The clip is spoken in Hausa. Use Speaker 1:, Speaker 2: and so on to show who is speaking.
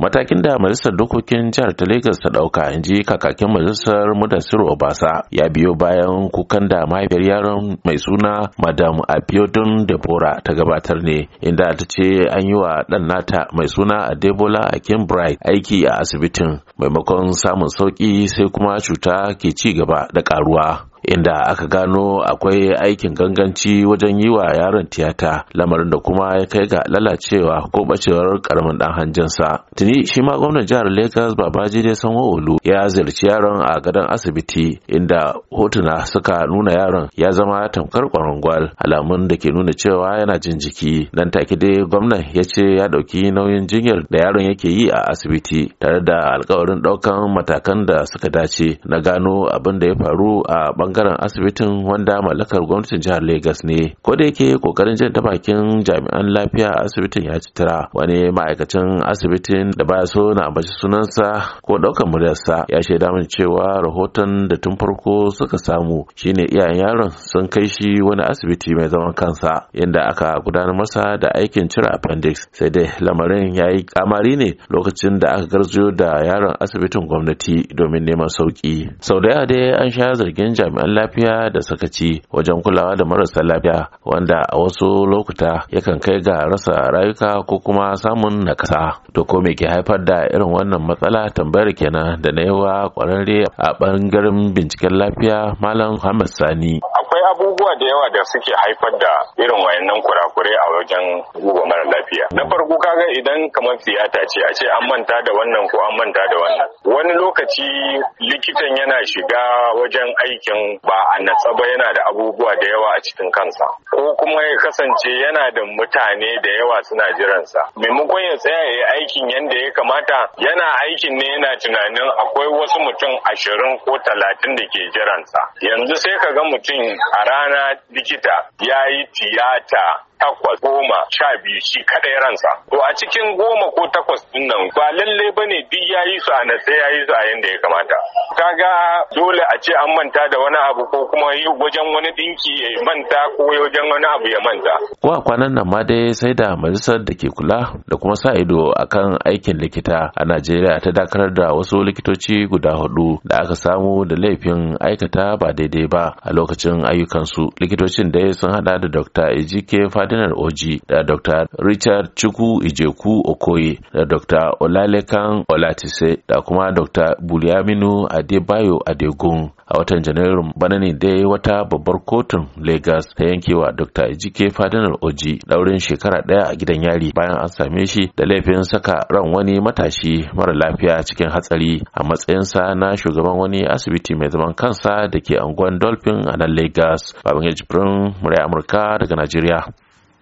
Speaker 1: matakin da majalisar dokokin jihar ta lagos ta dauka in ji kakakin majalisar mudassir obasa ya biyo bayan kukan da mahaifiyar yaron mai suna madam abiodun debora ta gabatar ne inda ta ce an yi wa dan nata mai suna adebola a bright aiki a asibitin maimakon samun sauki sai kuma cuta ke ci gaba da karuwa inda aka gano akwai aikin ganganci wajen yi wa yaron tiyata lamarin da kuma ya kai ga lalacewa ko bacewar karamin dan hanjinsa tuni shi ma gwamnan jihar lagos ne san olu ya ziyarci yaron a gadon asibiti inda hotuna suka nuna yaron ya zama tamkar kwarangwal alamun da ke nuna cewa yana jin jiki nan take dai gwamnan ya ce ya ɗauki nauyin jinyar da yaron yake yi a asibiti tare da alkawarin ɗaukan matakan da suka dace na gano abin da ya faru a bangaren asibitin wanda mallakar gwamnatin jihar Legas ne. Ko da yake kokarin jin ta bakin jami'an lafiya a asibitin ya ci tara wani ma'aikacin asibitin da baya so na bashi sunansa ko ɗaukan muryarsa ya shaida min cewa rahoton da tun farko suka samu shine iyayen yaron sun kai shi wani asibiti mai zaman kansa inda aka gudanar masa da aikin cire appendix sai dai lamarin ya yi kamari ne lokacin da aka garzo da yaron asibitin gwamnati domin neman sauki sau da yawa dai an sha zargin jami'an jami'an lafiya da sakaci wajen kulawa da marasa lafiya wanda a wasu lokuta yakan kai ga rasa rayuka ko kuma samun nakasa to ko me ke haifar da irin wannan matsala tambayar kenan da na yawa kwararre a bangaren binciken lafiya malam Muhammad Sani akwai
Speaker 2: abubuwa da yawa da suke haifar da irin wayannan kurakurai a wajen duba mara lafiya na farko kaga idan kamar tiyata ce a ce an manta da wannan ko an manta da wannan wani lokaci likitan yana shiga wajen aikin ba a natsa ba yana da abubuwa da yawa a cikin kansa ko kuma ya kasance yana da mutane da yawa suna jiransa maimakon ya tsaya ya yi aikin yadda ya kamata yana aikin ne yana tunanin akwai wasu mutum ashirin ko talatin da ke jiransa yanzu sai ka ga mutum a rana likita ya yi tiyata takwas goma sha biyu shi kaɗai ransa to a cikin goma ko takwas ɗin nan ba lalle ba bane duk yi su a ya yi su a yanda ya kamata ga dole a ce an manta da wani abu ko kuma wajen wani ɗinki ya manta ko wajen wani abu ya manta
Speaker 1: ko a kwanan nan ma dai sai da majalisar da ke kula da kuma sa ido akan aikin likita a Najeriya ta dakarar da wasu likitoci guda hudu da aka samu da laifin aikata ba daidai ba a lokacin ayyukansu likitocin dai sun hada da Dr. Ejike Fadi Cardinal Oji da Dr. Richard Chukwu Ijeku Okoye da Dr. Olalekan Olatise da kuma Dr. Bulyaminu Adebayo Adegun. A watan Janairun bana ne dai wata babbar kotun Lagos ta yankewa Dr. Ejike Fadinar Oji daurin shekara ɗaya a gidan yari bayan an same shi da laifin saka ran wani matashi mara lafiya cikin hatsari a matsayinsa na shugaban wani asibiti mai zaman kansa da ke anguwan Dolphin a nan Lagos. Babban Jibrin Murai Amurka daga Najeriya.